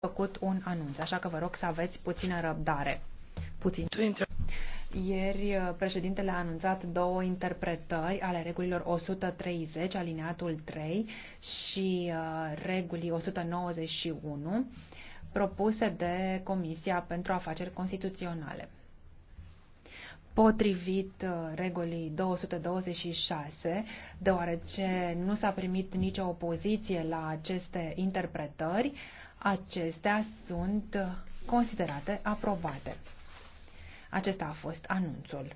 făcut un anunț, așa că vă rog să aveți puțină răbdare. Puțin. Ieri uh, președintele a anunțat două interpretări ale regulilor 130, alineatul 3 și uh, regulii 191 propuse de Comisia pentru Afaceri Constituționale. Potrivit uh, regulii 226, deoarece nu s-a primit nicio opoziție la aceste interpretări, acestea sunt considerate aprobate. Acesta a fost anunțul.